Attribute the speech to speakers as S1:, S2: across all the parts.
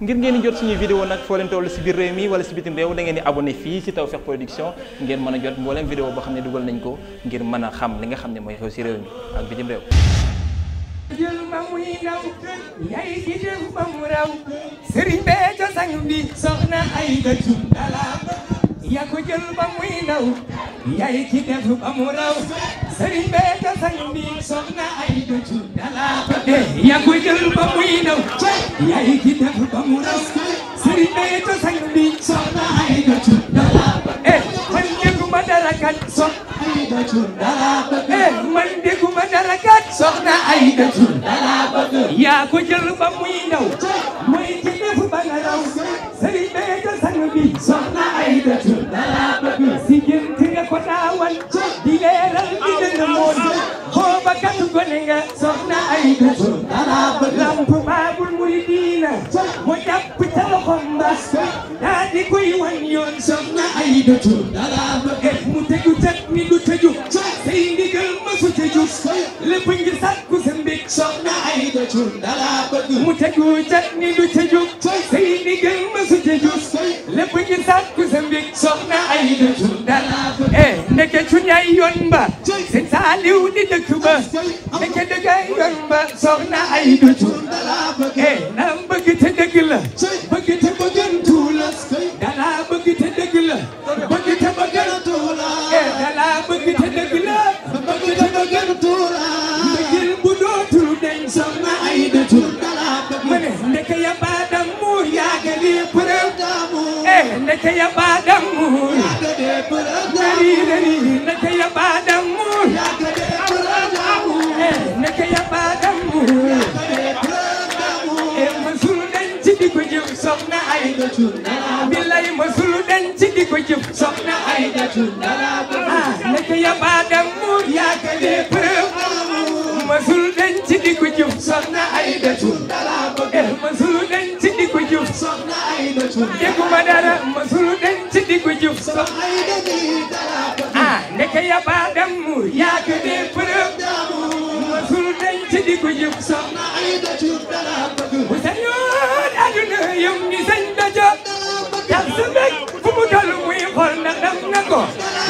S1: ngir ngeen di jot suñuy vidéo nag foo leen si biir réew mi wala si bitim réew da ngeen di abonné fii si Tawfekh Production ngeen mën a jot mbooleem vidéo boo xam ne dugal nañ ko ngir mën a xam li nga xam ne mooy xew si réew mi ak bitim réew jël ma muy ba bi soxna ay ko jël ba muy ndaw yaay di def ba mu raw sëriñ bee te sëriñ bi soxna ay dëccu dala ba dee yaa ko jël ba muy naw yaay ki def ba mu raw sëriñ bee te sëriñ bi soxna ay dëccu dala ba dee man dégguma dara kat soxna ay dëccu dala ba dee man dégguma dara kat soxna ay dëccu dala ba dee yaa ko jël gone nga soxna ay dëkk lamp baabul muridiina mu jàpp ca loxom ba daa di koy wan yoon soxna ay dëkk def mu tëju cat mi du tëju say ndigal masu tëju lépp ngir sàkku sa mbég soxna ay dëkk mu tëju cat mi du tëju say ndigal masu tëju lépp ngir sàkku sa mbég soxna ay dëkk eh ndeke cu ñay yoon ba Aliou di dëkk ba nekk dëggay yoon ba soxna ay dutu eh na bëgg te dëgg la bëgg te bëggantu la dala bëgg te dëgg la bëgg te bëggantu la eh dala bëgg te dëgg la bëgg te bëggantu la dëggil bu dootul deñ soxna ay dutu dala bëgg ma ne ndeke ya baadam muur yaa gëli përëw eh ndeke ya baadam muur nari nari ndeke ya baadam soxna Aida Thioundala. bilay masul denc di ko jëf. soxna Aida Thioundala. ah naka ya ba dem di ko jëf. soxna Aida Thioundala bëgg. eh masul denc di di ko jëf. soxna Aida Thioundala bëgg. ah naka ya ba di ko jëf. yëm ni sëñ daja yal sa mbég fu mu toll muy xool na def na ko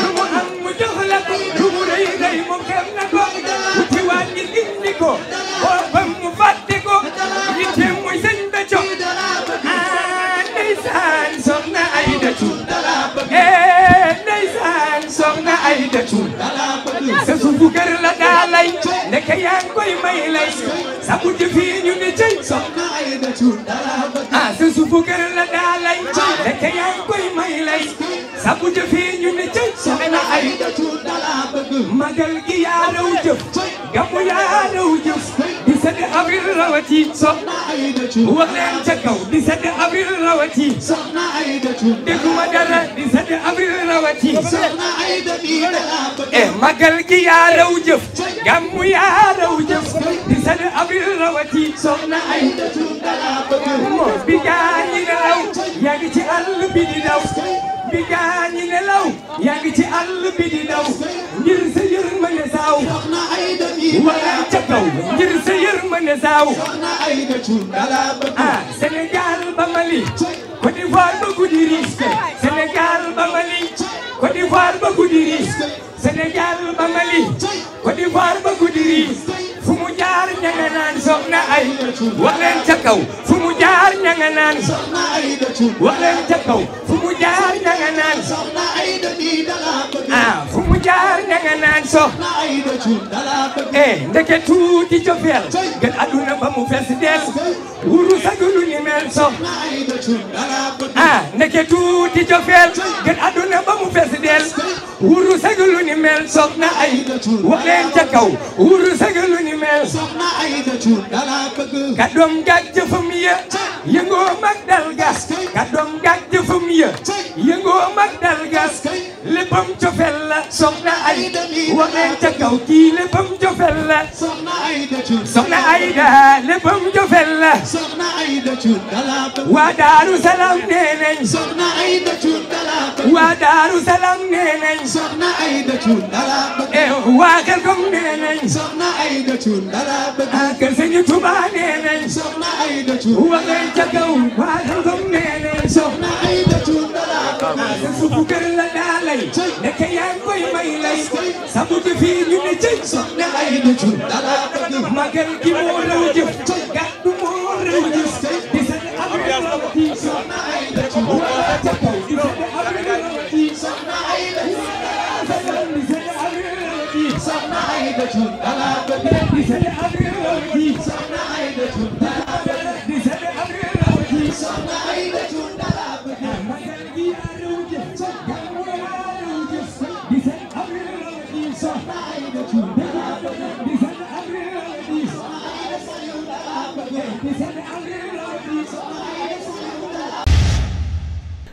S1: lu mu am mu la ko lu rëy mu xeeb ko bu ci waa ngi gindi ko xoofam mu fàtte ko yitteem muy sëñ daja ah ndeysaan soxna ay datu eh ndeysaan soxna ay datu sa suufu kër la daa lay ndeke yaa koy may lay sa mujj fii ñu ne cëy soxna ay datu bu jëfee ñu ne cëy soxna Ayda Cuun dala bëgg magal gi yaa raw jëf gamu yaa raw jëf di sedd avril rawati soxna Ayda Cuun wax leen ca kaw di sedd avril rawati soxna Ayda Cuun dégguma dara di sedd avril rawati soxna Ayda nii dala bëgg eh magal gi yaa raw jëf gamu yaa raw jëf di sedd avril rawati soxna Ayda Cuun dala bëgg moo bi gaa ñi nga raw yaa ngi ci àll bi di daw bi gaa ñi nelaw yaa ngi ci àll bi di daw ngir sa yërmande saaw wala ca kaw ngir sa yërmande saaw ah Sénégal ba Mali Côte d'Ivoire ba ba Mali Côte ba guddi risque Sénégal ba ba guddi wax leen ca kaw fu mu jaar ña nga naan wax leen ca kaw fu mu jaar ña nga naan ah fu mu jaar ña nga naan so eh ndeke tuuti cofeel gën aduna ba mu fees del wuru sagulu ni mel so ah ndeke tuuti cofeel gën aduna wuru sagalu ni mel soxna Aida Thioune waleen ca kaw wuru sagalu ni mel soxna Aida Thioune dala bëgg kàddoom gàk jëfam ya yëngoo mag dal gas kàddoom gàk jëfam ya yëngoo mag dal gas léppam cofel la soxna Aida waneen ca kaw kii léppam cofel la soxna Aida Thioune soxna Aida léppam cofel la soxna Aida Thioune dalaata waa Daaru Salaam nee nañ soxna Aida Thioune dalaata waa Daaru Salaam nee nañ soxna Aida Thioune dalaata eh waa Kalkom nee nañ soxna Aida Thioune dalaata ah kër Sëñ Tuba nee nañ soxna Aida Thioune waneen ca kaw waa Kalkom nee nañ soxna Aida Thioune dalaata lay nekk yaa ngi koy may lay sabu jëfi ñu ne cëy soxna ay na jur dala magal gi moo raw jëf gàddu moo raw jëf di sa ne am na raw ci soxna ay na jur wala ca kaw di sa ne am na raw ci soxna ay na jur wala ca kaw di sa ne am na raw ci soxna ay na jur dala di sa ne am